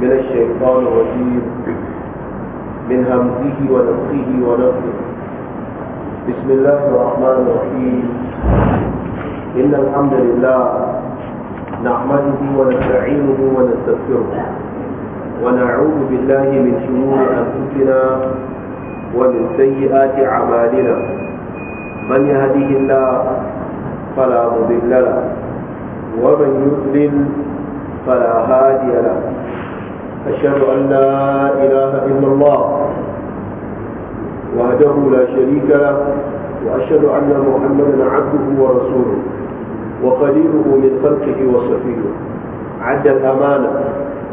من الشيطان الرجيم من همزه ونفخه ونفخه بسم الله الرحمن الرحيم إن الحمد لله نحمده ونستعينه ونستغفره ونعوذ بالله من شرور أنفسنا ومن سيئات أعمالنا من يهده الله فلا مضل له ومن يضلل فلا هادي له أشهد أن لا إله إلا الله وحده لا شريك له وأشهد أن محمدا عبده ورسوله وقليله من خلقه وصفيه عد الأمانة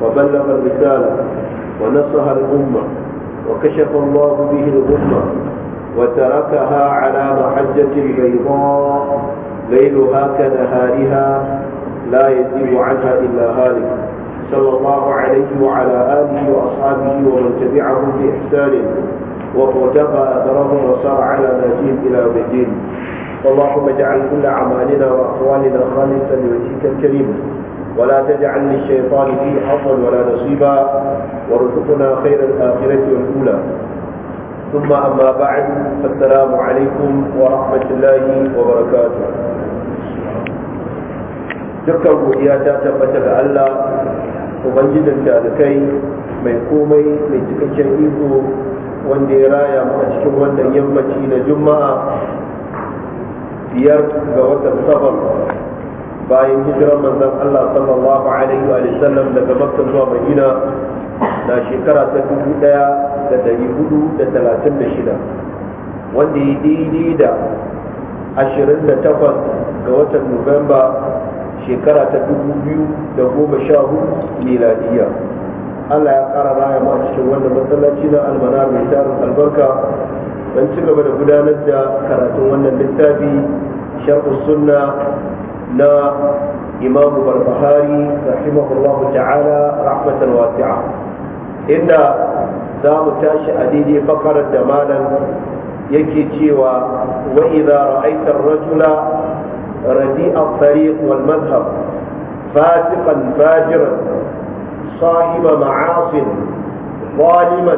وبلغ الرسالة ونصها الأمة وكشف الله به الغمة وتركها على محجة بيضاء ليلها كنهارها لا يزيغ عنها إلا هالك صلى الله عليه وعلى آله وأصحابه ومن تبعهم بإحسان وارتقى أثرهم وصار على ناجيهم إلى يوم الدين اللهم اجعل كل أعمالنا وأقوالنا خالصا لوجهك الكريم ولا تجعل للشيطان فيه حظا ولا نصيبا وارزقنا خير الآخرة والأولى ثم أما بعد فالسلام عليكم ورحمة الله وبركاته dukkan godiya ta tabbata ga Allah ubangijin talikai mai komai mai cikakken iko wanda ya raya a cikin wannan yammaci na juma'a biyar ga watan safar bayan hijirar manzan Allah sallallahu alaihi wa sallam daga Makka zuwa Madina na shekara ta dubu daya da dari hudu da talatin da shida wanda ya daidai da ashirin da takwas ga watan Nuwamba shekara ta dubu biyu da goma sha hudu miladiya allah ya kara raya ma cikin wannan masallaci na almana mai tarin albarka don ci gaba da gudanar da karatun wannan littafi sharhu sunna na imam barbahari rahimahullahu ta'ala rahmatan wasi'a inda za mu tashi a daidai fakarar da malam yake cewa wa idza ra'aita rajula رديء الطريق والمذهب فاسقا فاجرا صاحب معاص ظالما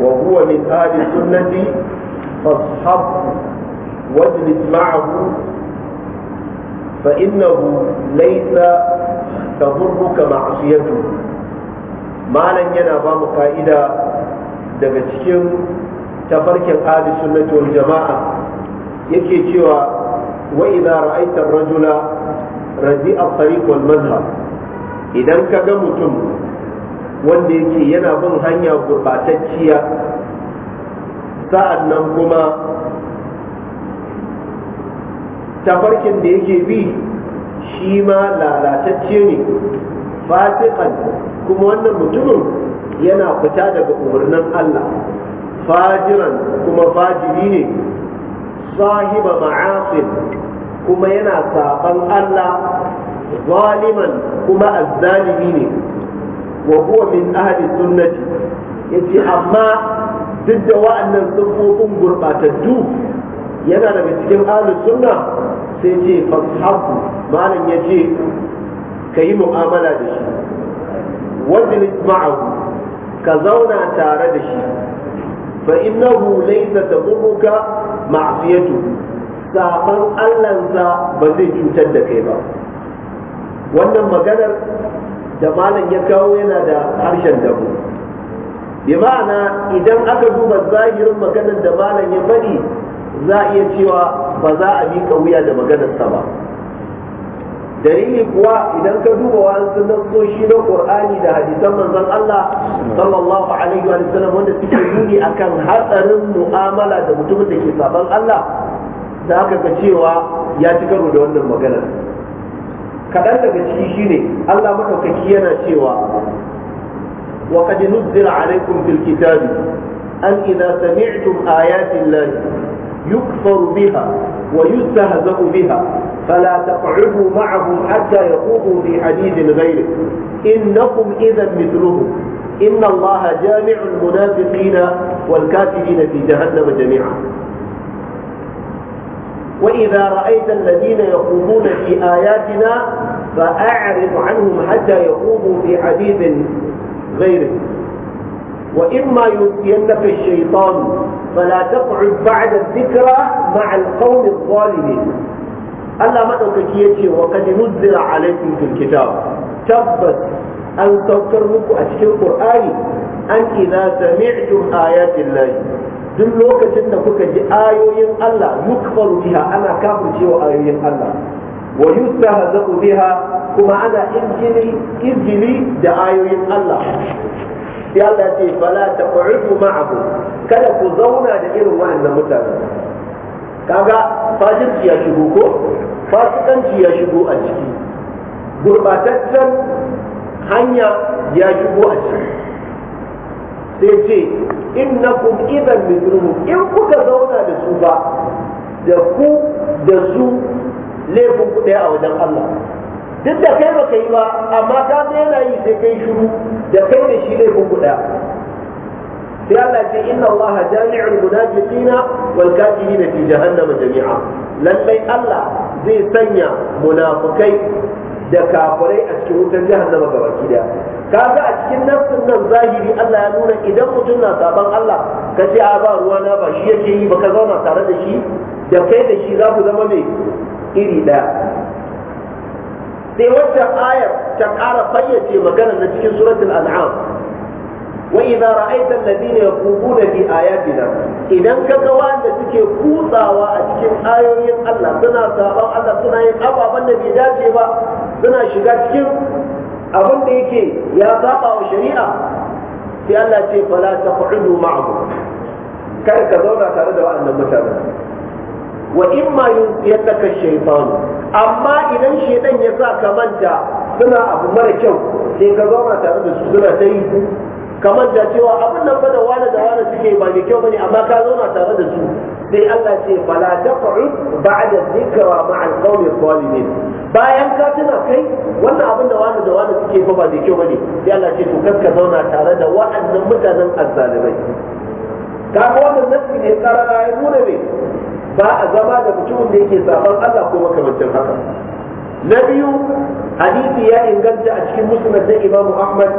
وهو من اهل السنه فاصحبه واجلس معه فانه ليس تضرك معصيته ما لن ba mu fa'ida daga cikin tafarkin ahli sunnati wal jama'a وإذا رأيت الرجل رديء idan ka ga mutum wanda yake yana bin hanya gurbatacciya sa'annan nan kuma tafarkin da yake bi shi ma lalatacce ne fasikan kuma wannan mutumin yana fita daga umarnin Allah fajiran kuma fajiri ne sahiba ma'asin kuma yana saban Allah zaliman kuma azzalimi ne wa huwa min ahli sunnati yace amma duk da wa'annan sifofin gurbatattu yana daga cikin ahli sunna sai ce fashabu malam yace kayi mu'amala da shi wajlis ma'ahu ka zauna tare da shi fa innahu laysa taburuka ma'asiyatu saban allansa ba zai cutar da kai ba wannan maganar da malam ya kawo yana da harshen dabo bi ma'ana idan aka duba zahirin maganar da malam ya faɗi za a iya cewa ba za a miƙa wuya da maganarsa ba dalili kuwa idan ka duba wasu nassoshi na qur'ani da hadisan manzon Allah sallallahu alaihi wa sallam wanda suke nuni akan hatsarin mu'amala da mutumin da ke saban Allah da aka ga cewa ya ci karo da wannan magana kaɗan daga ciki shine Allah maɗaukaki yana cewa wa qad nuzzila alaikum fil kitabi an idza sami'tum ayati llahi يكفر بها ويستهزأ بها فلا تقعدوا معهم حتى يخوضوا في حديث غيره إنكم إذا مثلهم إن الله جامع المنافقين والكافرين في جهنم جميعا وإذا رأيت الذين يخوضون في آياتنا فأعرض عنهم حتى يخوضوا في حديث غيره وإما ينسينك الشيطان فلا تقعد بعد الذكرى مع القوم الظالمين Allah maɗaukaki ya ce wa kadi nuzzila alaikum fil kitab tabbas an saukar muku a cikin qur'ani an idza sami'tum ayatin lahi duk lokacin da kuka ji ayoyin Allah yukfaru biha ana kafircewa ayoyin Allah wa yustahzaku biha kuma ana injili izini da ayoyin Allah sai Allah ce fala taq'udu ma'ahu kada ku zauna da irin wa'annan mutane kaga fajirci ya shigo ko fasikanci ya shigo a ciki gurbataccen hanya ya shigo a ciki sai ce innakum idan mithluhum in kuka zauna da su ba da ku da su laifin ku a wajen Allah duk da kai baka yi ba amma ka yana yi sai kai shiru da kai da shi ne kukuda sai Allah ce inna Allah jami'ul munafiqina wal kafirina fi jahannam jami'a lallai Allah zai sanya munafukai da kafirai a cikin wutar jahannama gabaki daya kaga a cikin nafsin nan zahiri Allah ya nuna idan mutum na saban Allah ka ce a ba ruwa na ba shi yake yi ba ka zauna tare da shi da kai da shi za ku zama mai iri daya sai wata ayar ta ƙara fayyace magana na cikin suratul an'am wa idza ra'aita alladhina yaquduna fi ayatina idan ka ga wanda suke kutsawa a cikin ayoyin Allah suna saban Allah suna yin ababen da bai dace ba suna shiga cikin abin da yake ya saba wa shari'a sai Allah ce fala taqudu ma'ahu kar ka zauna tare da waɗannan mutanen wa in ma yunsiyataka shaytan amma idan shaytan ya sa ka manta suna abu mara kyau sai ka zauna tare da su suna ta yi kamar da cewa abin nan fa da wani da wani suke ba mai kyau bane amma ka zauna tare da su sai Allah ce fala taq'ud ba'da dhikra ma'a al-qawmi zalimin bayan ka tuna kai wannan abin da wani da wani suke fa ba mai kyau bane sai Allah ce to kar ka zauna tare da wa'annan mutanen azzalimai kaga wannan nasi ne karara ya nuna me ba a zama da mutumin da yake saban Allah ko makamancin haka na biyu hadisi ya inganta a cikin musnad na Imam Ahmad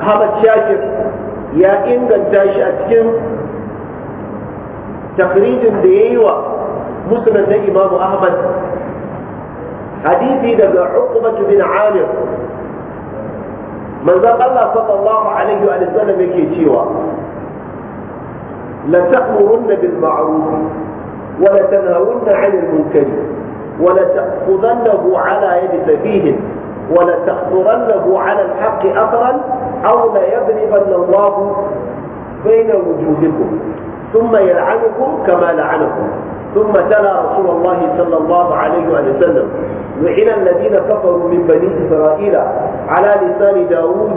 Ahmad Shakir ya inganta shi a cikin takrijin da yayi wa musnad na Imam Ahmad hadisi daga hukumatu bin Amir manzon Allah sallallahu alaihi wa sallam yake cewa لتأمرن بالمعروف ولتنهون عن المنكر ولتأخذنه على يد سفيه ولتأثرنه على الحق أثرا أو ليضربن الله بين وجوهكم ثم يلعنكم كما لعنكم ثم تلا رسول الله صلى الله عليه وسلم لعن الذين كفروا من بني إسرائيل على لسان داود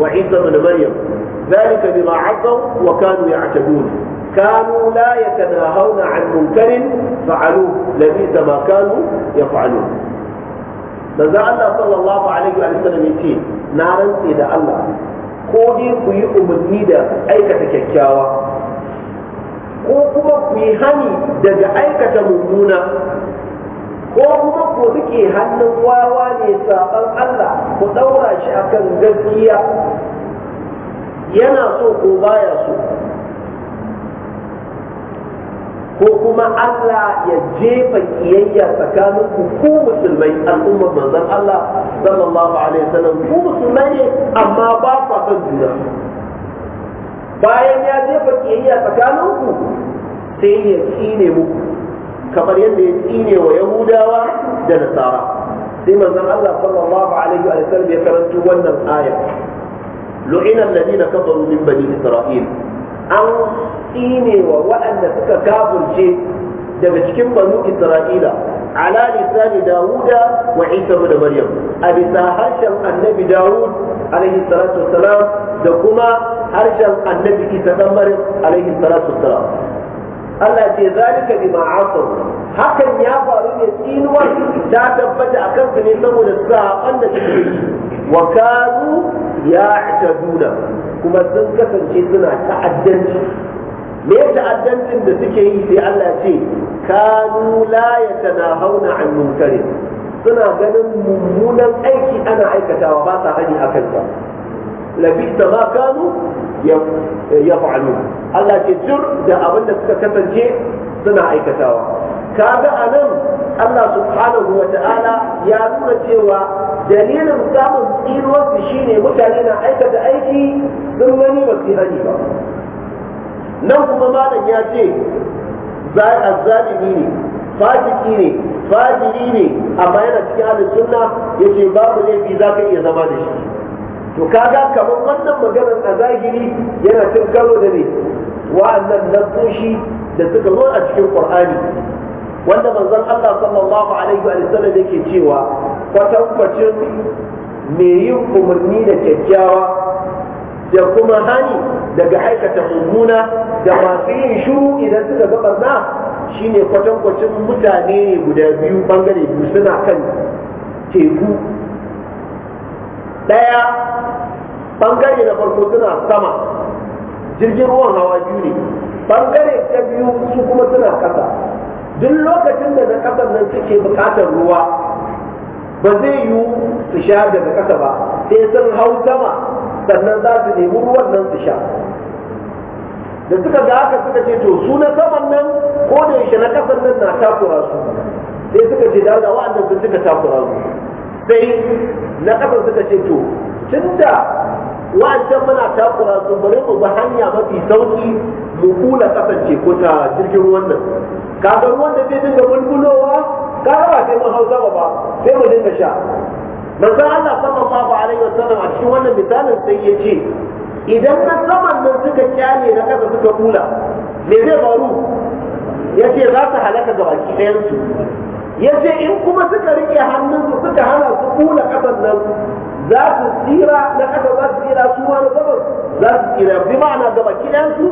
وعيسى بن مريم ذلك بما عصوا وكانوا يعتدون كانوا لا يتناهون عن منكر فعلوه لبئس ما كانوا يفعلون manzo الله صلى الله عليه وسلم yace نارا rantse الله Allah ko dai ku yi ko kuma ku yi hani daga aikata mummuna ko kuma ku rike hannun wawa ne saban Allah ku ɗaura shi akan gaskiya yana so ko baya so ko kuma Allah ya jefa kiyayya tsakanin ku ku musulmai al'ummar manzon Allah sallallahu alaihi wasallam ku musulmai ne amma ba ku kan juna bayan ya jefa kiyayya tsakaninku sai ya tsine muku kamar yadda ya tsine wa yahudawa da nasara sai manzon Allah sallallahu alaihi wa sallam ya karanto wannan aya lu'ina alladhina kafaru min bani isra'il an tsine wa waɗanda suka kafirce daga cikin banu isra'ila ala lisani dawuda wa isa da maryam a bisa harshen annabi dawud alaihi salatu wassalam da kuma harshen annabi isa dan maryam alaihi salatu wassalam Allah ce zalika bima asaw hakan ya faru ne tsinuwa ta tabbata akan su ne saboda saban da suke yi wa kanu ya'taduna kuma sun kasance suna ta'addanci me ta'addancin da suke yi sai Allah ce kanu la yatanahawna an munkarin suna ganin mummunan aiki ana aikatawa ba sa hani a kansa labisa ma kanu ya fa'alu Allah ke jur da abin da suka kasance suna aikatawa kaga a nan Allah subhanahu wa ta'ala ya nuna cewa dalilin samun tsiruwarsu shine mutane na aikata aiki sun gani ba su hani ba nan kuma malam ya ce zalimi ne fasiki ne fajiri ne amma yana cikin ahlus sunna yace babu laifi ka iya zama da shi to kaga kamar wannan maganar a zahiri yana cin karo da ne wa'annan nasoshi da suka zo a cikin qur'ani wanda manzon Allah sallallahu alaihi wa sallam yake cewa kwatankwacin mai yin umarni da kyakkyawa da kuma hani daga aikata mummuna da masu yin shuru idan suka ga barna shine kwatankwacin mutane ne guda biyu bangare biyu suna kan teku ɗaya bangare na farko suna sama jirgin ruwan hawa biyu ne bangare ta biyu su kuma suna ƙasa duk lokacin da na kasar nan suke bukatar ruwa ba zai yiwu su sha daga ƙasa ba sai sun hau sama sannan za su nemi ruwan nan su sha da suka ga haka suka ce to su na saman nan ko da yake na kasan nan na takura su sai suka ce da da wa'annan sun suka takura su sai na kasan suka ce to tunda wa'ancan muna takura su bari mu ba hanya mafi sauki mu kula kasance ko ta jirgin ruwan nan kaga ruwan da zai dinga bulbulowa kaga ba sai mun hausa ba sai mu dinga sha manzon Allah sallallahu alaihi wasallam a cikin wannan misalin sai ya ce idan na saman nan suka kyale na kasa suka kula me zai faru ya ce za su halaka ga baki ɗayansu ya ce in kuma suka riƙe hannunsu suka hana su kula ƙasar nan za su tsira na ƙasa za su tsira su wani gabar za su tsira bi ma'ana ga baki ɗayansu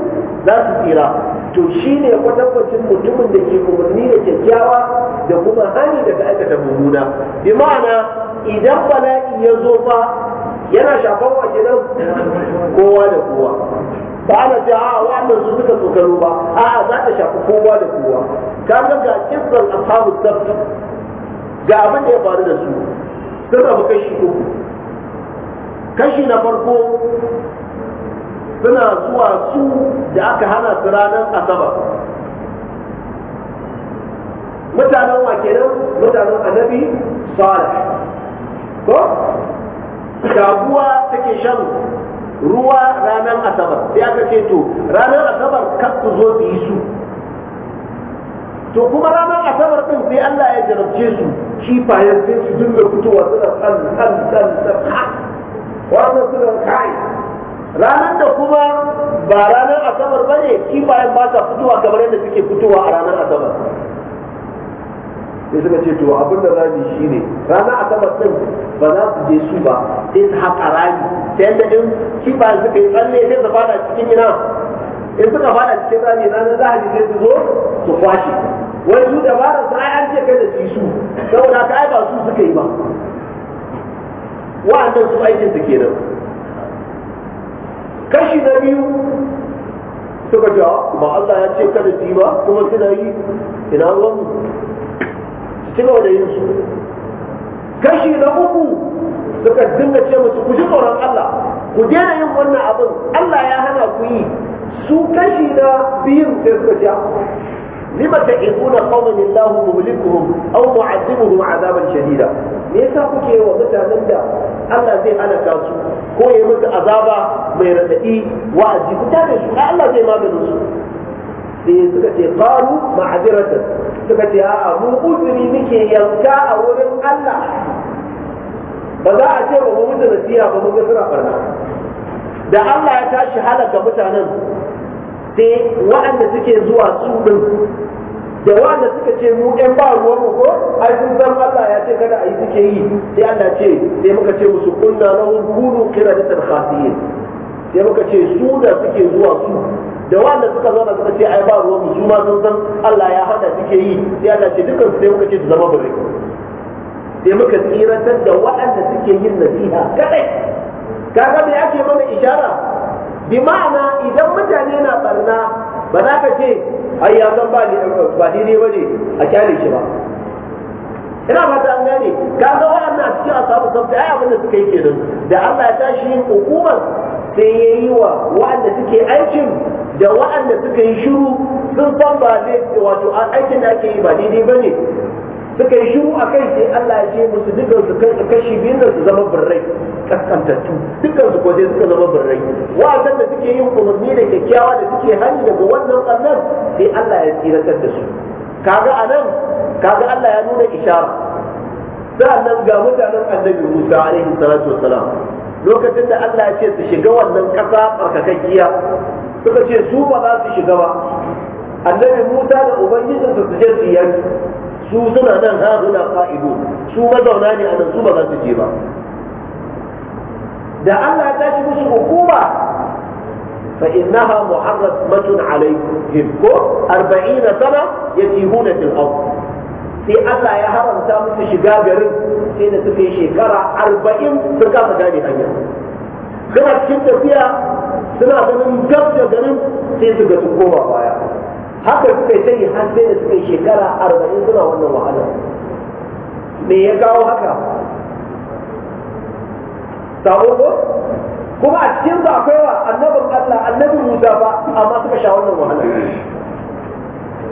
za su tsira to shi ne kwatankwacin mutumin da ke umarni da kyakkyawa da kuma hani daga aikata mummuna bi ma'ana idan bala'i ya zo fa yana shafan wa kenan kowa da kowa ba ana ce a wannan su suka ba a za ta shafi kowa da kowa ka ga ga kisan ashabu sabbi ga abin da ya faru da su sun rabu kashi uku kashi na farko suna zuwa su da aka hana su ranar asabar mutanen wa kenan mutanen annabi salih ko shabuwa take shan ruwa ranar asabar sai aka ce to ranar asabar kar su zo su yi su to kuma ranar asabar din sai Allah ya jarabce su kifayen sai su dinga fitowa suna kan kan kan tsan ha wannan suna kai ranar da kuma ba ranar asabar ba ne kifayen ba ta fitowa kamar yadda suke fitowa a ranar asabar sai suka ce to abin da za shine ranar asabar din ba za su je su ba sai su haƙa rami ta yadda in kifa suka yi tsalle sai su fada cikin ina in suka fada cikin rami ranar lahadi sai su zo su kwashe wai su da fara su ai an ce kai da su saboda ka ai ba su suka yi ba wa'annan su aikin su kenan kashi na biyu suka ce kuma ah, Allah ya ce kada su yi ba kuma suna yi ina ruwan su ci gaba da yin su kashi na uku suka dinga ce musu ku ji tsoron Allah ku daina yin wannan abin Allah ya hana ku yi su kashi na biyun sai suka ce lima ta'ibuna qawmin Allahu muhlikuhum aw mu'adzibuhum 'adaban shadida me yasa kuke wa mutanen da Allah zai halaka su ko ya musu azaba mai radadi wa'azi ku tare su Allah zai maganin su sai suka ce qalu ma'adiratan suka ce a'a mu uzuri muke yanka a wurin Allah ba za a ce ba mu mutu nasiha ba mun ga suna barna da Allah ya tashi halaka mutanen sai waɗanda suke zuwa su din da waɗanda suka ce mu ɗan ba ruwan mu ko ai sun san Allah ya ce kada a yi suke yi sai Allah ce sai muka ce musu kunna lahum kunu qiradatan khasiyin sai muka ce su da suke zuwa su da wanda suka zauna suka ce ai ba ruwan mu su ma sun san Allah ya hada suke yi sai Allah ce dukkan su sai muka ce su zama bare sai muka tsirantar da waɗanda suke yin nasiha kaɗai kaga me ake mana ishara bi ma'ana idan mutane na barna ba za ka ce ai ya san ba ni ba ni ba ne a kyale shi ba ina fata an gane kaga waɗanda a cikin asabu sabta ai abin da suka yi kenan da Allah ya tashi yin hukumar sai ya yi wa waɗanda suke aikin da waɗanda suka yi shiru sun san ba wato aikin da ake yi ba daidai ba ne suka yi shiru a kai sai Allah ya ce musu dukan su kai kashi biyun da su zama birrai kaskantattu dukan su kwaje suka zama birrai wa'azan da suke yin umarni da kyakkyawa da suke hanyar daga wannan ƙasar sai Allah ya tsiratar da su kaga anan kaga Allah ya nuna ishara sa'annan ga mutanen annabi Musa alaihi salatu wassalam lokacin da Allah ya ce su shiga wannan ƙasa barkakakkiya suka ce su ba za su shiga ba annabi Musa da ubangijinsa su je su yanki su suna nan ha fa'idu su mazauna ne a nan su ba za su je ba da Allah ya tashi musu hukuma fa innaha muharramatun alaihim ko 40 sana yatihuna fil ard sai Allah ya haramta musu shiga garin sai da suka yi shekara 40 sun kasa gane hanya suna cikin tafiya suna ganin gab da garin sai su ga su koma baya haka suka yi sai har sai da suka yi shekara arba'in suna wannan wahala me ya kawo haka sabo ko kuma a cikin su akwai wa annabin Allah annabin Musa ba amma suka sha wannan wahala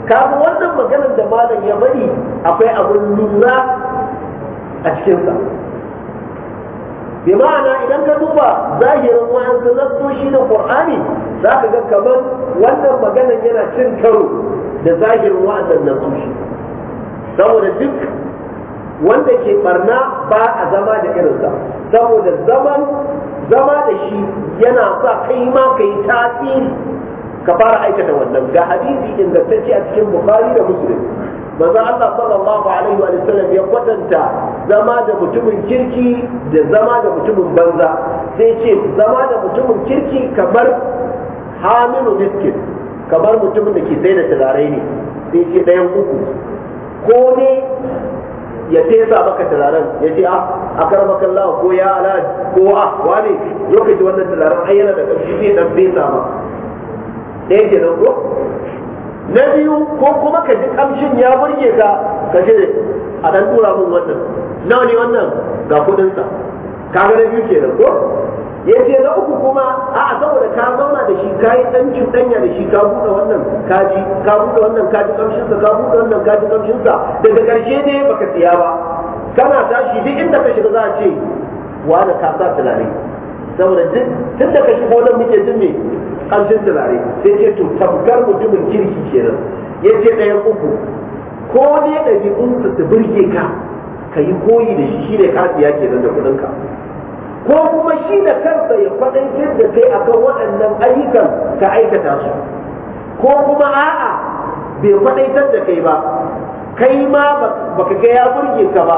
kafin wannan maganar da malam ya bari akwai abin lura a cikin sa. bi ma'ana idan ka duba zahirin wayan su nassoshi na qur'ani za ka ga kamar wannan maganan yana cin karo da zahirin wa'annan nassoshi saboda duk wanda ke barna ba a zama da irinsa saboda zaman zama da shi yana sa kai ma kai tasiri ka fara aikata wannan ga hadisi ingantacce a cikin bukhari da muslim Maza Allah sallallahu alaihi wa sallam ya kwatanta zama da mutumin kirki da zama da mutumin banza sai ce zama da mutumin kirki kamar hamilu miskin kamar mutumin da ke sai da turare ne sai ce ɗayan uku ko ne ya tesa maka turaren ya ce ah a karmakan lawa ko ya ala ko ah wane lokaci wannan turaren ayyana yana da ƙarfi zai ɗan fesa ma ɗaya kenan ko na biyu ko kuma ka ji kamshin ya burge ka ka ce a dan tura mun wannan nawa ne wannan ga kudinsa ka ga na biyu da ko ya ce na uku kuma a saboda ka zauna da shi ka yi dan cuɗanya da shi ka buɗe wannan ka ji ka buɗe wannan ka ji kamshinsa ka buɗe wannan ka ji kamshinsa daga ƙarshe ne baka siya ba kana tashi duk inda ka shiga za a ce wani ka sa tunani saboda duk tun da ka shigo nan muke jin me kamshin turare sai ce to tabgar mutumin kirki kenan ya ce ɗayan uku ko ne ɗabi'unsa ta birge ka ka yi koyi da shi shine kasiya kenan da kuɗinka ko kuma shi da kansa ya kwaɗaitar da kai akan waɗannan ayyukan ka aikata su ko kuma a'a bai kwaɗaitar da kai ba kai ma baka ga ya burge ka ba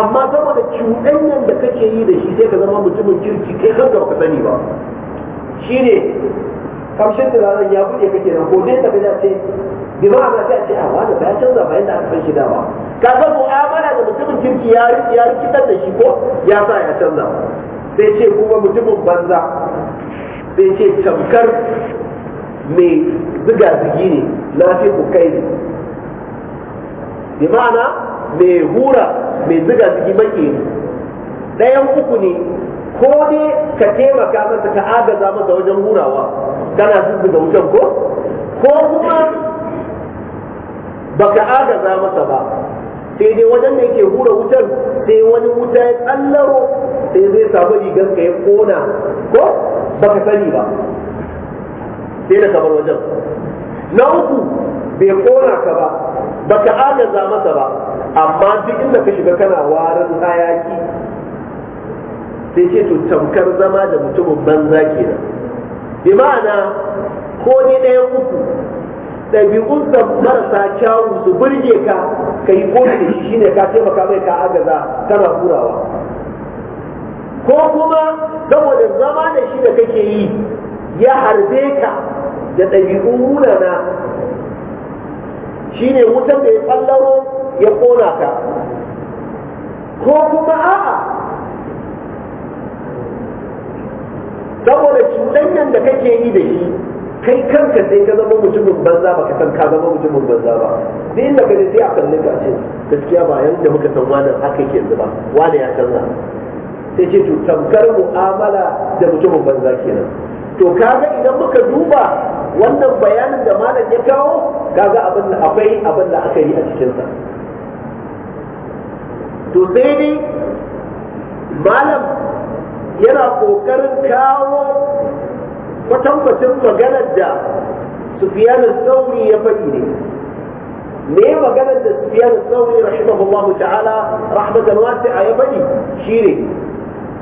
amma zama da cuɗanyen da kake yi da shi sai ka zama mutumin kirki kai kanka baka sani ba shine kamshin turaren ya buɗe kake nan ko dai tafi da ce bi ma ba sai a ce a wani ba ya canza ba yadda aka san shi da ba ka ga mu'amala da mutumin kirki ya ya rikitar da shi ko ya sa ya canza sai ce kuma mutumin banza sai ce tamkar mai ziga zigi ne na fi ku kai ne bi ma'ana mai hura mai ziga zigi maki ne ɗayan uku ne ko dai ka taimaka masa ka agaza masa wajen hurawa kana da wutan ko ko kuma baka agaza masa ba sai dai wajen da yake hura wutan sai wani wuta ya tsallaro sai zai samu rigar ka ya kona ko baka sani ba sai da kamar wajen na uku bai kona ka ba baka agaza masa ba amma duk inda ka shiga kana warin hayaki sai ce to tamkar zama da mutumin banza kenan bi ma'ana ko ni ɗaya uku da marasa kyawu su burge ka ka yi koyi da shi ne ka taimaka mai ka agaza kana kurawa ko kuma saboda zama da shi da kake yi ya harbe ka da ɗabi'un munana ne wutan da ya ɓallaro ya ƙona ka ko kuma a'a saboda cuɗanyan da kake yi da shi kai kanka sai ka zama mutumin banza ka san ka zama mutumin banza ba duk inda ka sai a kalli ka ce gaskiya ba yadda muka san wani haka ke zuba wani ya canza sai ce to tamkar mu'amala da mutumin banza kenan to kaga idan muka duba wannan bayanin da malam ya kawo kaga abin da akwai abin da aka yi a cikinsa to sai dai malam yana ƙoƙarin kawo kwatankwacin maganar da sufiyanin sauri ya faɗi ne me maganar da Sufiyana sauri rahimahullahu ta'ala rahmatan a ya faɗi shine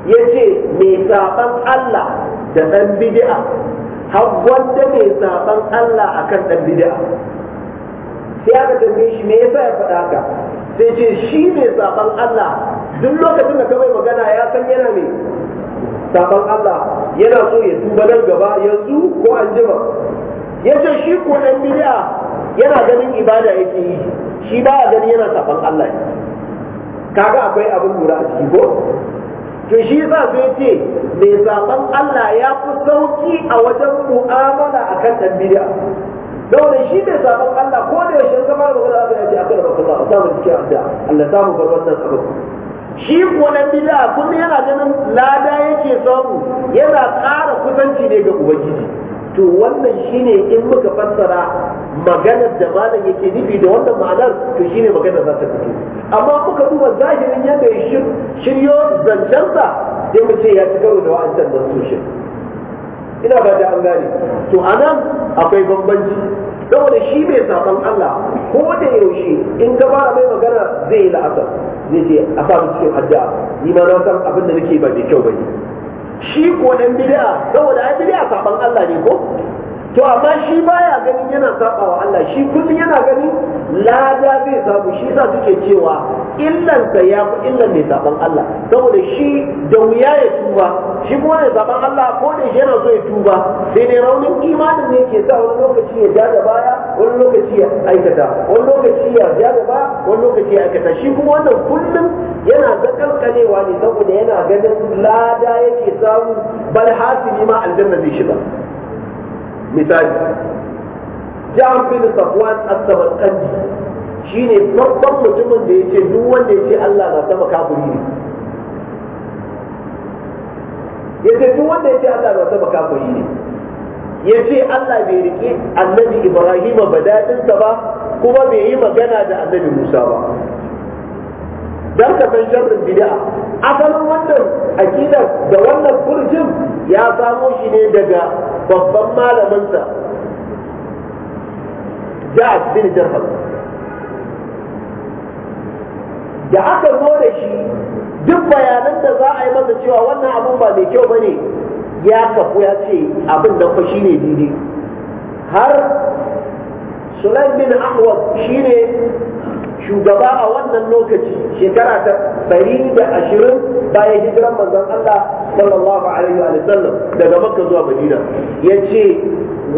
yace mai saban Allah da ɗan bid'a wanda mai saban Allah akan ɗan bid'a sai aka tambaye shi me yasa ya faɗa haka sai ce shi mai saban Allah duk lokacin da ka mai magana ya san yana mai saban Allah yana so ya tuba nan gaba yanzu ko an jima ya ce shi ko ɗan bid'a yana ganin ibada yake yi shi ba a gani yana saban Allah kaga akwai abin lura a ciki ko to shi yasa sai ce mai zaben Allah ya fi sauki a wajen mu'amala akan kan ɗan bid'a dole shi mai zaben Allah ko da yaushe zama da wani da ya ce a kan rasulullah samun cikin Allah bar wannan abin shi kuwa na bid'a kullum yana ganin lada yake samu yana ƙara kusanci ne ga ubangiji to wannan shine in muka fassara maganar da malam yake nufi da wannan ma'anar to shine maganar za ta fito amma kuka duba zahirin yadda ya shiryo zancensa sai mu ce ya ci karo da wa'ancan nan ina ba da an gane to anan akwai bambanci saboda shi mai saban Allah ko da yaushe in ka fara mai magana zai yi la'asar zai ce a sa mu cikin addu'a ni ma na san abin da nake ba mai kyau bane shi ko dan bid'a saboda ai bid'a saban Allah ne ko to amma shi baya ganin yana sabawa Allah shi kullum yana gani lada zai samu shi yasa suke cewa illansa ya fi illan mai saban Allah saboda shi da wuya ya tuba shi kuma mai saban Allah ko da yana so ya tuba sai dai raunin imanin ne ke sa wani lokaci ya ja da baya wani lokaci ya aikata wani lokaci ya ja da baya wani lokaci ya aikata shi kuma wannan kullum yana kankanewa ne saboda yana ganin lada yake samu bal hasili ma aljanna zai shiga misali jihar bin safwan as shi shine babban mutumin da ce duk wanda ce Allah na sama kafiri ne yace duk wanda yace Allah na sama kafiri ne yace Allah bai rike annabi Ibrahim badadinsa ba kuma bai yi magana da annabi Musa ba dan ka san sharrin bid'a asalin wannan akidar da wannan kurjin ya samo shi ne daga babban malaminsa ja'ad bin dirham da aka zo da shi duk bayanan da za a yi masa cewa wannan abun ba mai kyau bane ya kafu ya ce abin da fa shine daidai har Sulaim bin Ahwab shine shugaba a wannan lokaci shekara ta 120 bayan hijiran manzon Allah sallallahu alaihi wa sallam daga Makka zuwa Madina yace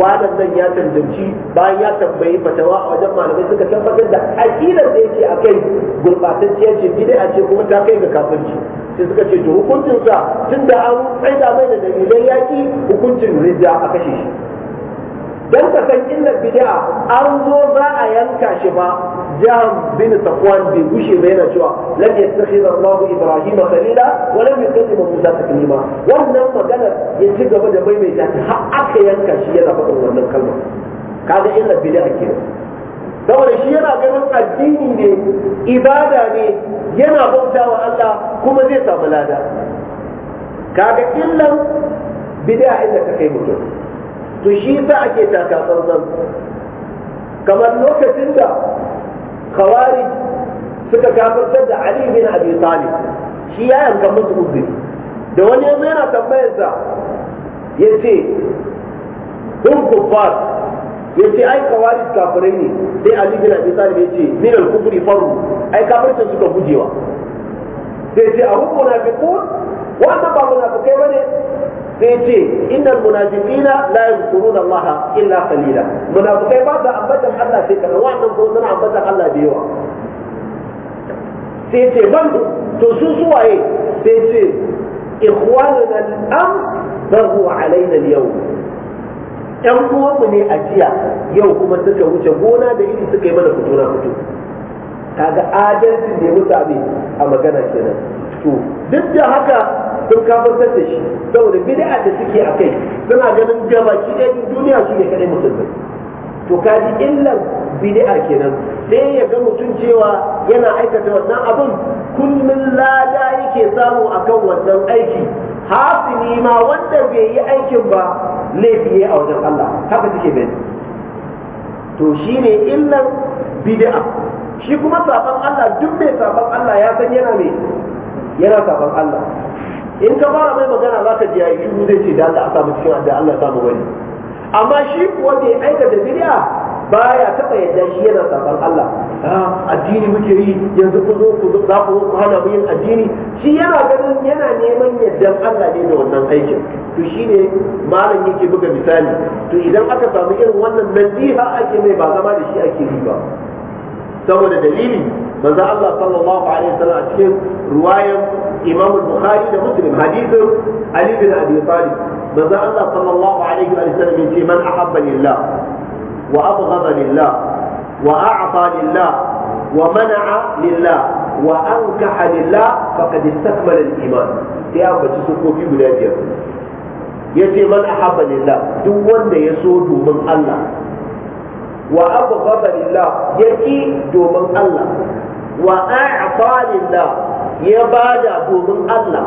waɗannan ya tantance bayan ya tambayi fatawa a wajen malamai suka tabbatar da aqidar da yake a kai gurɓatacciyar ce a ce kuma ta kai ga kafirci sai suka ce to hukuncinsa tunda an tsaida mai da dalilan yaki hukuncin ridda a kashe shi dan ka san illar bid'a an zo za a yanka shi ba jam bin safwan bai gushe ba yana cewa lam yattakhidha Allahu Ibrahima khalila wa lam yattakhidha Musa taklima wannan maganar ya ci gaba da maimaita ta har aka yanka shi yana faɗin wannan kalmar kaga illar bid'a ke. saboda shi yana ganin addini ne ibada ne yana bautawa Allah kuma zai samu lada kaga illar bid'a inda ka kai mutum to shi yasa ake taka kamar lokacin da khawarij suka kafirtar da Ali bin Abi Talib shi ya yanka musu uzuri da wani yanzu yana tambayar sa yace kun kuffar yace ai khawarij kafirai ne sai Ali bin Abi Talib yace min al-kufri faru ai kafircin suka gujewa sai ce a hukuna fi kun wannan ba kai bane sai ce innal munafiqina la yadhkuruna Allah illa qalila munafiqai ba da ambatan Allah sai kana wannan ko suna ambatan Allah da yawa sai ce ban to su suwaye sai ce ikhwanuna al-am bahu alaina al-yawm yan mu ne a jiya yau kuma suka wuce gona da iri suka yi mana fito na fito kaga adalcin ne mutane a magana kenan to duk da haka sun kafartar da shi saboda bid'a da suke a kai suna ganin gabaki ɗaya duniya shi ne kaɗai musulmai to kaji illar bid'a kenan sai ya ga mutum cewa yana aikata wannan abin kullum lada yake samu akan wannan aiki hasili ma wanda bai yi aikin ba laifi a wajen Allah haka suke bai to ne illar bid'a shi kuma saban Allah duk mai saban Allah ya san yana mai yana saban Allah in ka fara mai magana za ka ji yayi shiru zai ce da Allah a samu cikin addu'a Allah ya samu wani amma shi kuwa mai aikata bid'a baya taba yadda shi yana saban Allah ah, addini muke yi yanzu ku zo ku zo za ku hana mu yin addini shi yana ganin yana neman yaddan Allah ne da wannan aikin to shine malam yake buga misali to idan aka samu irin wannan nasiha ake mai ba zama da shi ake yi ba saboda dalili manzo Allah sallallahu alaihi wasallam a cikin ruwayan Imam Bukhari da Muslim hadisin Ali bin Abi Talib manzo Allah sallallahu alaihi wasallam yace man ahabba lillah wa abghadha lillah wa a'ta lillah wa mana'a lillah wa ankaha lillah faqad istakmala al-iman sai ya bace sukofi guda biyar yace man ahabba lillah duk wanda ya so domin Allah wa abghadha lillah yaki domin Allah wa a'ta lillah ya bada domin Allah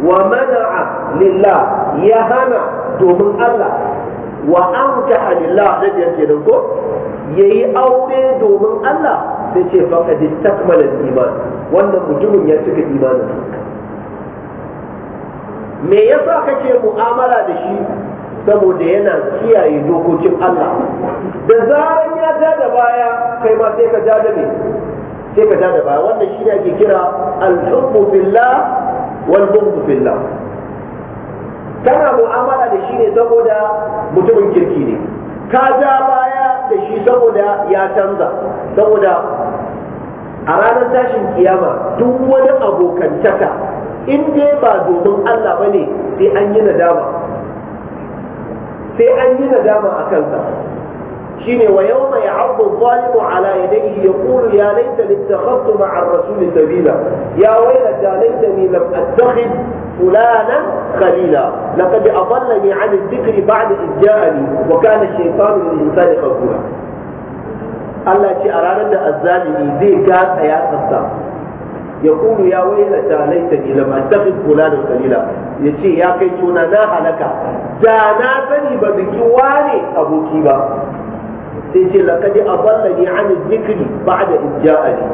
wa mana'a lillah ya hana domin Allah wa amtaha lillah da yake da ko yayi aure domin Allah sai ce faqad istakmala iman wannan mutumin ya cika imanin me yasa kake mu'amala da shi saboda yana kiyaye dokokin Allah da zaran ya ja da baya kai ma sai ka ja da me sai ka da ba wannan shi ne ake kira al-hubbu billah wal bughd billah kana mu'amala da shi ne saboda mutumin kirki ne ka ja baya da shi saboda ya canza saboda a ranar tashin kiyama duk wani abokantaka in dai ba domin Allah bane sai an yi nadama sai an yi nadama a kansa شنو ويوم يعض الظالم على يديه يقول يا ليتني اتخذت مع الرسول سبيلا يا ويلتى ليتني لم اتخذ فلانا خليلا لقد اضلني عن الذكر بعد اذ جاءني وكان الشيطان للانسان خذولا الله شيء ارادت الظالمي زي كان يا يقول يا ويلتى ليتني لم اتخذ فلانا خليلا يشي يا كيتونا نا هلكا جانا بني بدكي واني ابو كيبا sai ce laqad adallani an dhikri ba'da idja'ani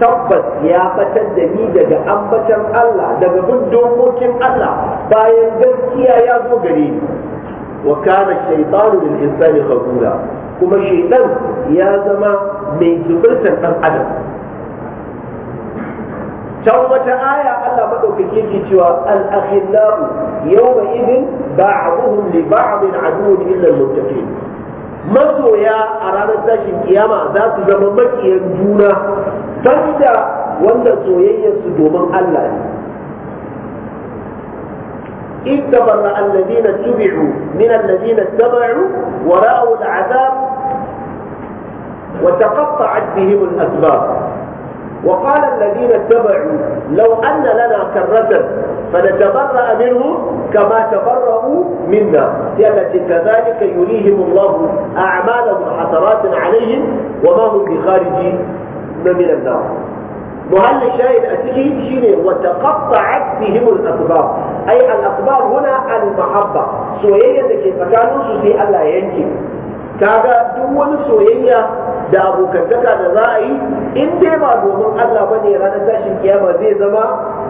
tabbas ya fatar da ni daga ambatan Allah daga bin dokokin Allah bayan gaskiya ya zo gare ni wa kana shaytanu lil insani khazula kuma shaytan ya zama mai zubirtar dan adam can wata aya Allah maɗaukaki yake cewa al-akhillahu yawma idin ba'dhum li ba'd aduwwun illa al-muttaqin masoya a ranar tashin kiyama za su zama makiyan juna sanda wanda soyayyarsu domin Allah ne إذ تبرأ الذين اتبعوا من الذين اتبعوا ورأوا العذاب وتقطعت بهم الأسباب وقال الذين اتبعوا لو أن لنا كرة فنتبرأ منهم كما تبرأوا منا يأتي كذلك يريهم الله أعمال حسرات عليهم وما هم بخارج من النار وهل الشاهد أتيه شيني وتقطعت بهم الأسباب أي الأسباب هنا المحبة سوية كيف كانوا سوية ألا ينجي كذا دون سوية da abokantaka da za a yi in dai ba domin Allah ba ne ranar tashin kiyama zai zama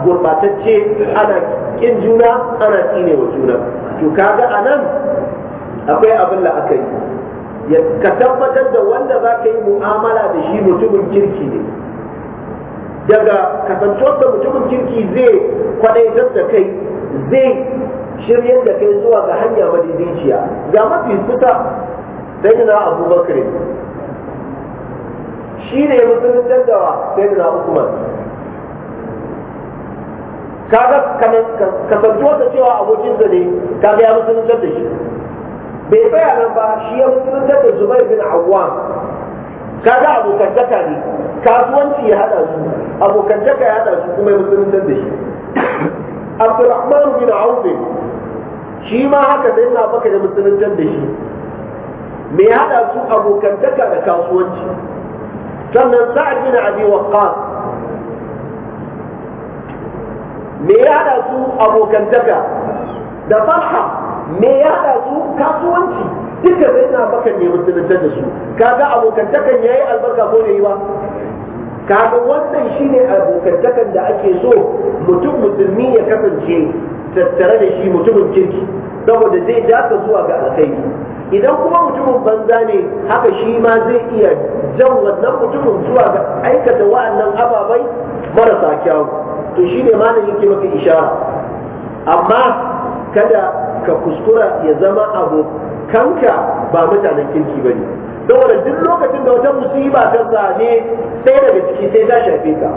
gurbatacce ana kin juna ana tsine wa juna to kaga anan akwai abin da aka yi ka tabbatar da wanda za ka yi mu'amala da shi mutumin kirki ne daga kasantuwarsa mutumin kirki zai kwadaitar da kai zai shiryar da kai zuwa ga hanya madidinciya ga mafi suka sai na abubakar shi ne musulun da sai da Usman kaga kasantuwar da cewa abokinsa ne kaga ya musulun da shi bai tsaya nan ba shi ya musulun da Zubair bin Awwam kaga abokantaka ne kasuwanci ya hada su abokantaka ya hada su kuma ya musulun da shi Abdulrahman bin Auf shi ma haka sai na baka da musulun da shi me ya hada su abokantaka da kasuwanci كان من سعد بن ابي وقاص me ya hada su abokantaka da farha me ya hada su kasuwanci duka sai na bakan ne musulunta da su kaga abokantakan yayi albarka ko ne yi ba kaga wannan shine abokantakan da ake so mutum musulmi ya kasance tattare da shi mutumin kirki saboda zai daka zuwa ga alkhairi idan kuma mutumin banza ne haka shi ma zai iya jan wannan mutumin zuwa ga aikata wa'annan ababai marasa kyawu to shi ne malam yake maka ishara amma kada ka kuskura ya zama abu kanka ba mutanen kirki ba ne saboda duk lokacin da wata musiba ta zane sai daga ciki sai ta shafe ka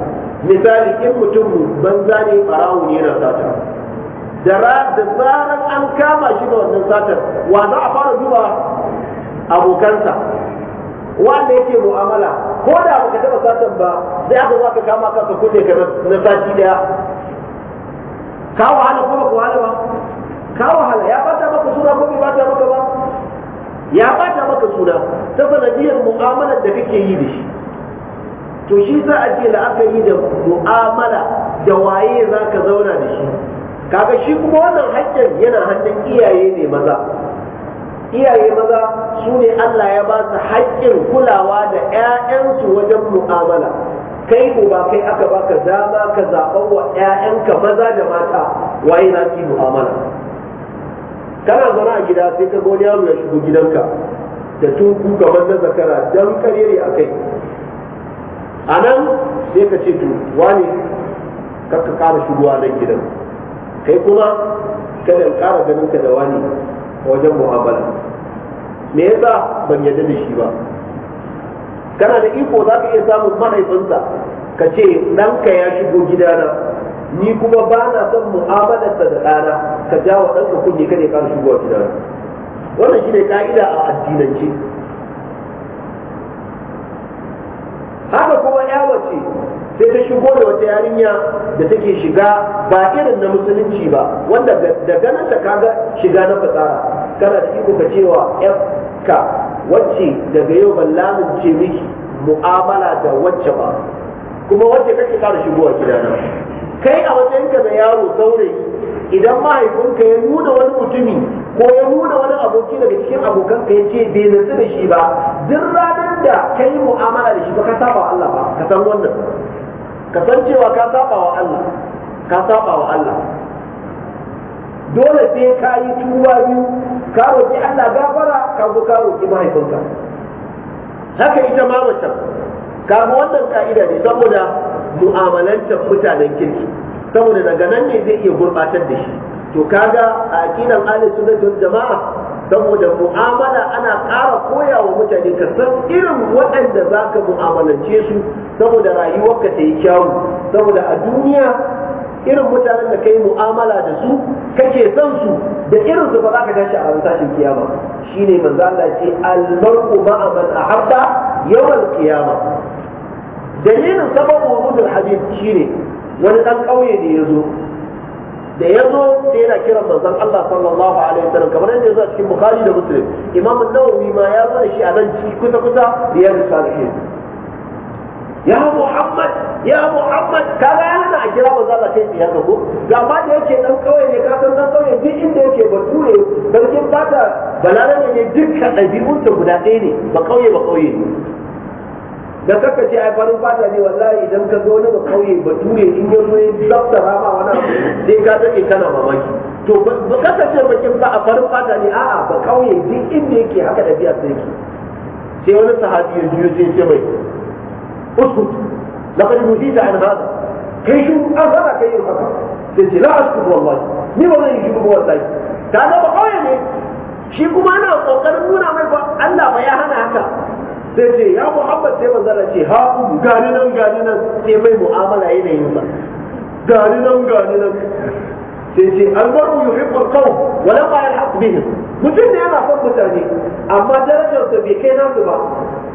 misali in mutum banza ne barawo ne yana sata da zarar an kama shi da wannan satar wa za a fara duba abokansa wanda yake mu'amala ko da baka taba satar ba sai aka zo aka kama ka ka kulle ka na sati daya ka wahala ko baka wahala ba ka wahala ya bata maka suna ko bai bata maka ba ya bata maka suna ta sanadiyar mu'amalar da kake yi da shi to shi za a ce la'akari da mu'amala da waye za ka zauna da shi kaga shi kuma wannan haƙƙin yana hannun iyaye ne maza iyaye maza su ne Allah ya ba su haƙƙin kulawa da 'ya'yansu wajen mu'amala kai ko ba kai aka ba ka dama ka zaɓan wa 'ya'yanka maza da mata waye na fi mu'amala kana zaune a gida sai ka wani yaro ya shigo gidanka da tuku kamar na zakara don karere a kai a nan sai ka ce to wane ka ƙara shigowa nan gidan kai kuma kada in ƙara ganin ka da wani wajen mu'amala me yasa ban yarda da shi ba kana da iko za ka iya samun mahaifinsa ka ce ɗanka ya shigo gidana ni kuma ba na son mu'amalarsa da ɗana ka ja wa ɗanka kunne kada ya ƙara a gidana wannan shine ka'ida a addinance haka kuma ya wace. sai ta shigo da wata yarinya da take shiga ba irin na musulunci ba wanda da ganin ta kaga shiga na fasara kana da kuka cewa ka wacce daga yau ban lamince miki mu'amala da wacce ba kuma wacce kake kara shigowa gidana kai a matsayinka da yaro saurayi idan mahaifinka ya nuna wani mutumi ko ya nuna wani aboki daga cikin abokanka ya ce bai nutsu da shi ba duk ranar da ka yi mu'amala da shi ba ka saba Allah ba ka san wannan ka san cewa ka saba wa Allah ka saba wa Allah dole sai ka yi tuba biyu ka roki Allah gafara ka zo ka roki mahaifinka haka ita ma mace ka ga wannan ka'ida ne saboda mu'amalantar mutanen kirki saboda daga nan ne zai iya gurbatar da shi to kaga a aqidan ahlus sunnah wal jama'a saboda mu'amala ana ƙara koya wa mutane ka san irin waɗanda za ka mu'amalance su saboda rayuwarka ta yi kyawu saboda a duniya irin mutanen da yi mu'amala da su kake son su da irin su ba za ka tashi a ran tashin kiyama shine manzo Allah ce almar'u ma'a man ahabba kiyama dalilin sababu wurudul hadith shine wani ƙauye da ne zo. da ya zo sai yana kiran manzon Allah sallallahu alaihi wasallam kamar yadda ya zo a cikin Bukhari da Muslim Imam Nawawi ma ya zo da shi a nan ciki kusa kusa da ya rusa da shi ya Muhammad ya Muhammad kaga yana a kira manzon Allah sai ya ko ga ma da yake dan kauye ne ka san dan kauye duk inda yake bature sarkin fata balarabe ne dukkan ɗabi'unsa guda ɗaya ne ba kauye ba kauye da kaka ce ai farin fata ne wallahi idan ka zo wani ba kauye ba dure in ya zo ya zaftara ma wani abu sai ka take kana mamaki to ba kaka ce bakin ba a farin fata ne a'a ba kauye duk inda yake haka da biya sai yake sai wani sahabi ya juyo sai ce mai uskut laqad nudita an hada kai shi an fara kai yin haka sai ce la askut wallahi ni ba zan yi ba wallahi kaga ba kauye ne shi kuma ana kokarin nuna mai ba Allah ba ya hana haka sai ce ya muhammad sai manzala ce ha gani nan gani nan sai mai mu'amala yanayin sa gani nan gani nan sai ce almaru yuhibbu alqawm wa la yalhaq bihim mutum da yana son mutane amma darajarsa bai kai nasu ba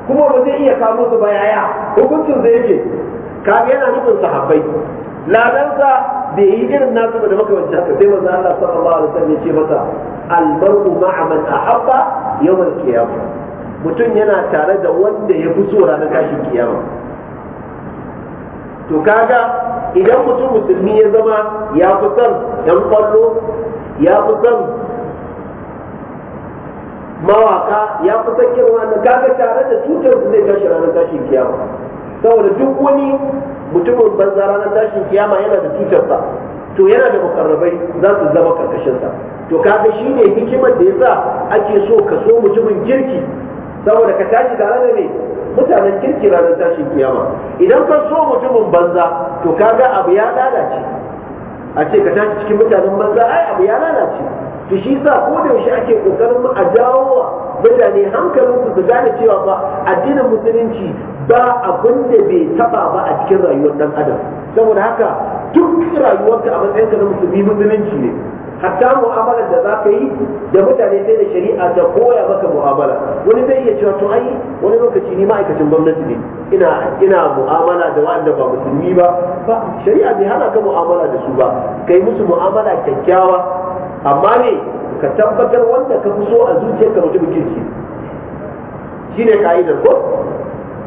kuma ba zai iya kamo su ba yaya hukuncin da yake kaga yana nufin sahabbai ladansa bai yi irin nasu ba da makamanci haka sai manzo Allah sallallahu alaihi wasallam ya ce masa almaru ma'a man ahabba yawm al-qiyamah mutum yana tare da wanda ya fi so ranar tashin kiyama to kaga idan mutum musulmi ya zama ya fi son yan kwallo ya fi son mawaka ya fi son kirwa na kaga tare da cutar su zai tashi ranar tashin kiyama saboda duk wani mutumin banza ranar tashin kiyama yana da cutarsa to yana da mukarrabai za su zama karkashinsa to kaga shine hikimar da yasa ake so ka so mutumin kirki saboda ka tashi tare da me mutanen kirki ranar tashin kiyama idan ka so mutumin banza to kaga abu ya lalace a ce ka tashi cikin mutanen banza ai abu ya lalace to shi sa ko da yaushe ake kokarin a jawo mutane hankalin su gane cewa ba addinin musulunci ba abin da bai taba ba a cikin rayuwar dan adam saboda haka duk rayuwarka a matsayinka na musulmi musulunci ne hatta mu'amalar da za ka yi da mutane sai da shari'a ta koya maka mu'amala wani zai iya cewa to ai wani lokaci ni ma'aikacin gwamnati ne ina ina mu'amala da wanda ba musulmi ba ba shari'a bai hana ka mu'amala da su ba kai musu mu'amala kyakkyawa amma ne ka tabbatar wanda ka fi so a zuciyarka mutum kirki shine ka'idar ko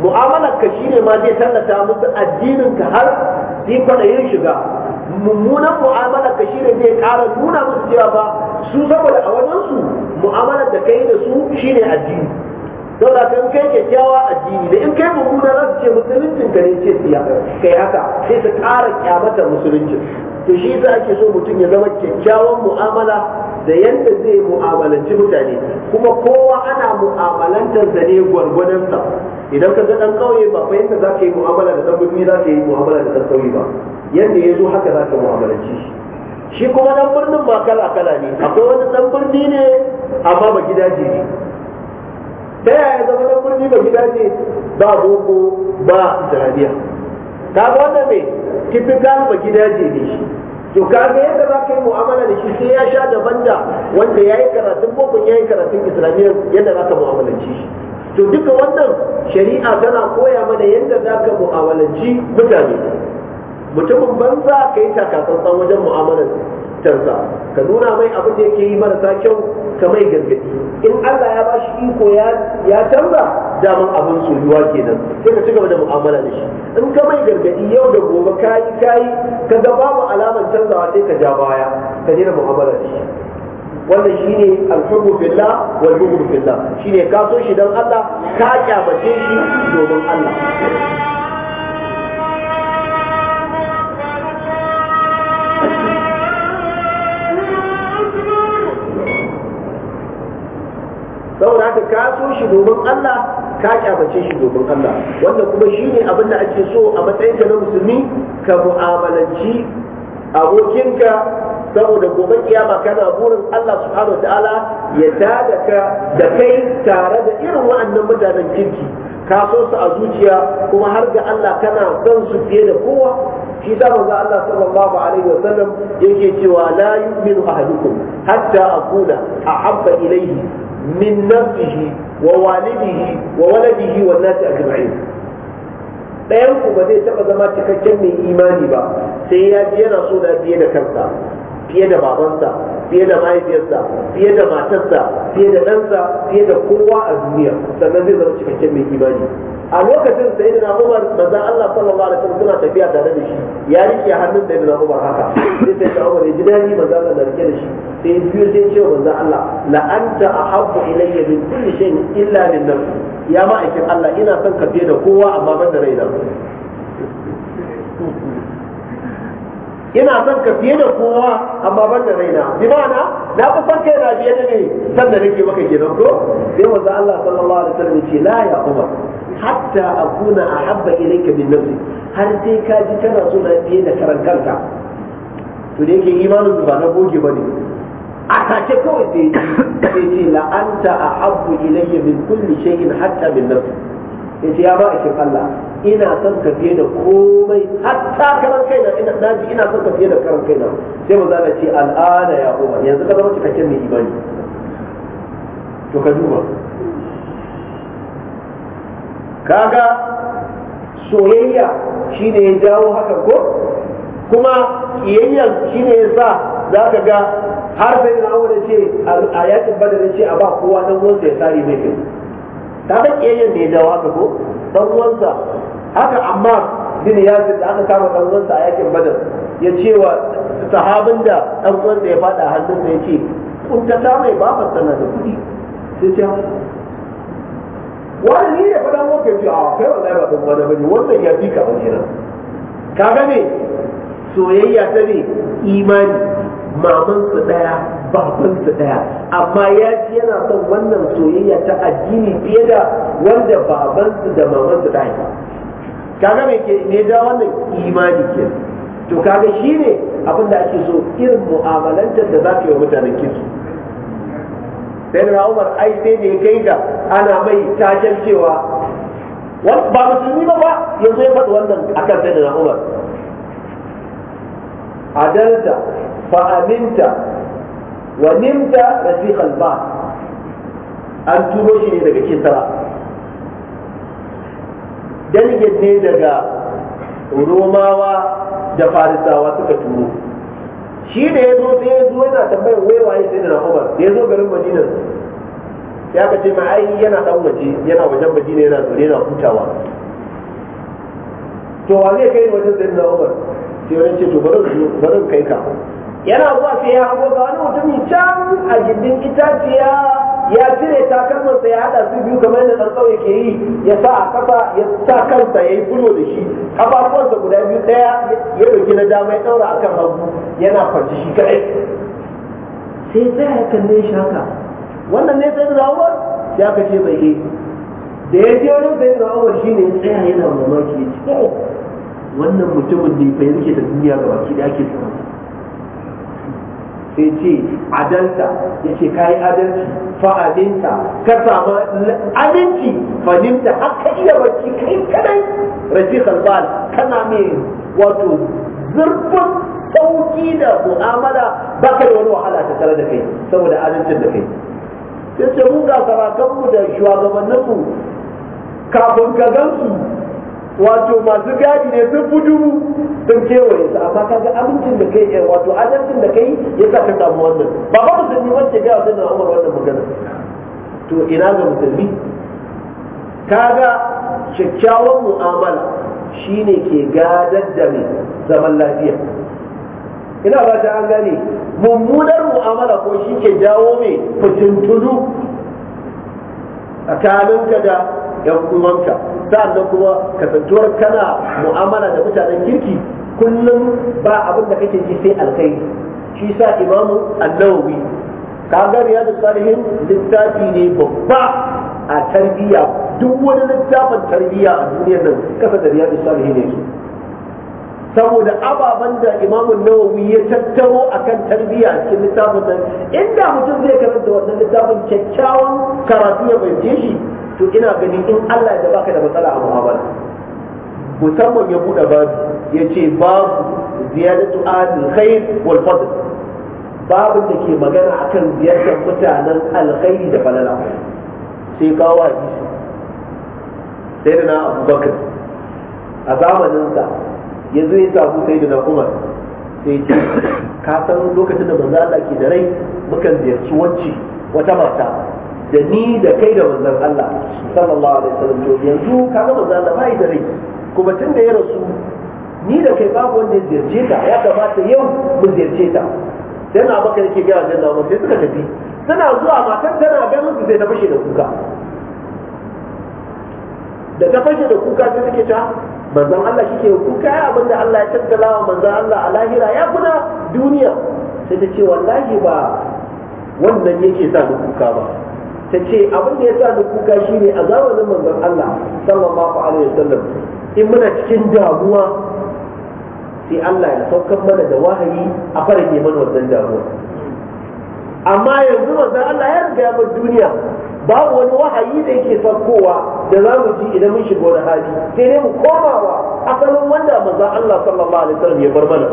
mu'amalar ka shine ma zai tallata musu addinin ka har sai yin shiga mummunan mu'amalar ka shine zai ƙara nuna musu cewa ba su saboda a wajen su mu'amalar da kai da su shine addini saboda kan kai kyakkyawa addini da in kai mummuna rasu, ce musuluncin ka ne ce siya kai haka sai su ƙara kyamata musuluncin to shi yasa ake so mutum ya zama kyakkyawan mu'amala da yadda zai mu'amalanci mutane kuma kowa ana mu'amalantar da ne gwargwadonsa idan ka ga dan kauye ba fa yadda zaka yi mu'amala da dan birni zaka yi mu'amala da dan kauye ba yadda ya zo haka zaka mu'amalanci shi shi kuma dan birnin ba kala kala ne akwai wani dan birni ne amma ba gidaje ne ta yaya zama dan birni ba gidaje ba boko ba jariya kaga wannan me kifikan ba gidaje ne shi to ga yadda za ka yi mu'amala da shi sai ya sha daban da wanda ya yi karatun bokun ya yi karatun islamiyyar yadda za ka mu'amalanci shi to duka wannan shari'a tana koya mana yadda za ka mu'amalanci mutane mutumin banza ka yi takatsantsan wajen mu'amalar tansa ka nuna mai abin da yake yi marasa kyau ka mai gargadi in Allah ya ba shi iko ya canza daman abin soyuwa kenan sai ka cigaba da mu'amala da shi in ka mai gargadi yau da gobe kayi kayi ka ga babu alamar canzawa sai ka ja baya ka daina mu'amala da shi wannan shine alhubbu billah wal hubbu billah shine ka so shi dan Allah ka kyamace shi domin Allah saboda haka ka so shi domin Allah ka kyabace shi domin Allah wanda kuma shine abin da ake so a matsayinka na musulmi ka mu'amalanci abokinka saboda gobe kiyama kana burin Allah subhanahu ya tada ka da kai tare da irin wa'annan mutanen kirki ka so su a zuciya kuma har ga Allah kana son su fiye da kowa shi da manzo Allah sallallahu alaihi wa sallam yake cewa la yu'minu ahadukum hatta akuna ahabba ilayhi من نفسه ووالده وولده والناس أجمعين ɗayanku ba zai taɓa zama cikakken mai imani ba sai ya ji yana so da biye da kansa fiye da babansa fiye da mahaifiyarsa fiye da matarsa fiye da ɗansa fiye da kowa a duniya sannan zai zama cikakken mai imani a lokacin sai da Umar maza Allah sallallahu alaihi wasallam suna tafiya tare da shi ya rike hannun da Ibn Umar haka sai sai da Umar ya ji dani maza Allah da rike da shi sai biyo sai ce maza Allah la anta ahabbu ilayya min kulli shay'in illa min nafsi ya ma'aikin Allah ina son ka fiye da kowa amma ban da raina ina son ka fiye da kowa amma ban da raina bi ma'ana na fi son kai na fiye da ne san da nake maka kenan ko sai manzo Allah sallallahu alaihi wasallam ce la ya umar hatta akuna ahabba ilayka min nafsi har sai ka ji kana so na fiye da karan kanka to da yake imanin ba na goge ba ne. a take kawai sai ce la anta ahabbu ilayya min kulli shay'in hatta min nafsi ya ce ya ba a Allah ina son ka fiye da komai hatta karan kaina ina ji ina son ka fiye da karan kaina sai mu da ce al'ada ya umar yanzu ka zama cikakken mai imani to ka duba kaga soyayya shine ya jawo haka ko kuma kiyayyan shine ya sa za ka ga har sai na ce a yakin badar ce a ba kowa nan wanda ya sare mai kai ta ga kiyayen ne da haka ko dan uwansa haka amma bin yazid da aka kama dan uwansa a yakin badar ya ce wa sahabin da dan uwansa ya fada hannunsa ya ce kun ta ta mai babar sana da kuɗi sai ce wani ne ya faɗa ke ce a ah, kai wallahi ba dan wani bane wannan ya fi ka bane ka ga soyayya ta ne imani mamansu ɗaya babban su daya amma ya ji yana son wannan soyayya ta addini fiye da wanda baban su da maman su daya kaga me ke ne da wannan imani ke to kaga shine abin da ake so irin mu'amalantar da za ka yi wa mutanen kirki sai da Umar ai sai ne kai ga ana mai taken cewa ba musulmi ba ba yanzu ya faɗi wannan akan sai da Umar adalta fa wa nimta rafiqal ba an turo shi ne daga kisra delegate ne daga romawa da farisawa suka turo shi da ya zo sai ya zo yana tambayar waiwaye sai da na umar da ya zo garin madinar ya kace ce ma ai yana dan waje yana wajen madina yana zure yana hutawa to wa zai kai ni wajen na umar sai wani ce to bari bari kai ka yana zuwa sai ya hago ga wani mutumin can a gindin itaciya ya cire takalmarsa ya hada su biyu kamar yadda ɗan ƙauye ke yi ya sa a kafa ya sa kansa ya yi bulo da shi ƙafafuwansa guda biyu ɗaya ya ɗauki na dama ya ɗaura a kan hagu yana kwanci shi kaɗai sai tsaya ya kalle shi haka wannan ne sai da Umar sai aka ce bai da ya je wani sai da Umar shine ya tsaya yana mamaki ya ce oh, wannan mutumin da ya fahimce da duniya gaba ki da ake tsamanta sai ce adalta ya ce kayi adalci fa'adinta ka samu aminci fahimta har ka iya barci kai kadai rajikar bal kana mai wato zurfin sauki da mu'amala ba ka da wani wahala ta tare da kai saboda adalcin da kai sai ce mun ga sarakanmu da shugabanninmu kafin ka gansu wato masu gadi ne sun fi dubu sun kewaye su amma kaga abincin da kai eh, wato adalcin da kai ya sa ka samu wannan ba ba musulmi wacce ga na umar wannan magana to ina ga musulmi kaga kyakkyawan mu'amala shine ke gadar da mai zaman lafiya ina ba ta an gane mummunar mu'amala ko shi ke jawo mai fitintunu tsakaninka da 'yan uwanka sa'annan kuma kasantuwar kana mu'amala da mutanen kirki kullum ba abin da kake ji sai alkhairi shi sa imamu annawawi kaga riyadu salihin littafi ne babba a tarbiyya duk wani littafin tarbiyya a duniyar nan kasa da riyadu salihin ne su saboda ababen da imamun nawawi ya tattaro kan tarbiyya a cikin littafin nan inda mutum zai karanta wannan littafin kyakkyawan karatu ya bayyance shi to ina gani in Allah ya baka da matsala a mu'amala musamman ya buɗe babu ya ce babu ziyadatu adil khair wal fadl Babu da ke magana akan ziyartar mutanen alkhairi da falala sai kawo hadisi sai da na abubakar a zamaninsa ya zo ya samu sai da na umar sai ce ka san lokacin da manzo Allah ke da rai mukan ziyarci wacce wata mata da ni da kai da manzon Allah sallallahu alaihi wasallam to yanzu kaga manzon Allah bai da rai kuma tun da ya rasu ni da kai babu wanda ya ziyarce ta ya kamata yau mun ziyarce ta sai na baka yake gaya janna mu sai suka tafi suna zuwa matan tana ganin su sai ta fashe da kuka da ta fashe da kuka sai take ta manzon Allah kike kuka ya abinda Allah ya tattala wa manzon Allah a lahira ya kuna duniya sai ta ce wallahi ba wannan yake sa ni kuka ba ta ce abin da ya sa da kuka shine a zamanin manzon Allah sallallahu alaihi wasallam in muna cikin damuwa sai Allah ya saukar mana da wahayi a farage mana wannan damuwa amma yanzu manzon Allah ya riga ya duniya babu wani wahayi da yake saukowa da za mu ji idan mun shiga wani hali sai dai mu komawa asalin wanda manzon Allah sallallahu alaihi wasallam ya bar mana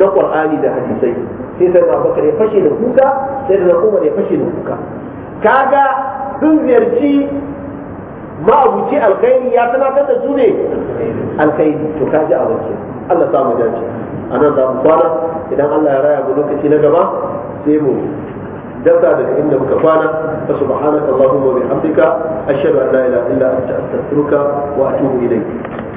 na Qur'ani da hadisai sai sai na fashe da kuka sai da na Umar ya fashe da kuka kaga sun ziyarci ma'abuci alkhairi ya tunatar da su ne alkhairi to kaji a wace Allah samu dace a nan za mu kwana idan Allah ya raya mu lokaci na gaba sai mu dasa daga inda muka kwana fa subhanaka allahumma wa bihamdika ashhadu an la ilaha illa anta astaghfiruka wa atubu ilayk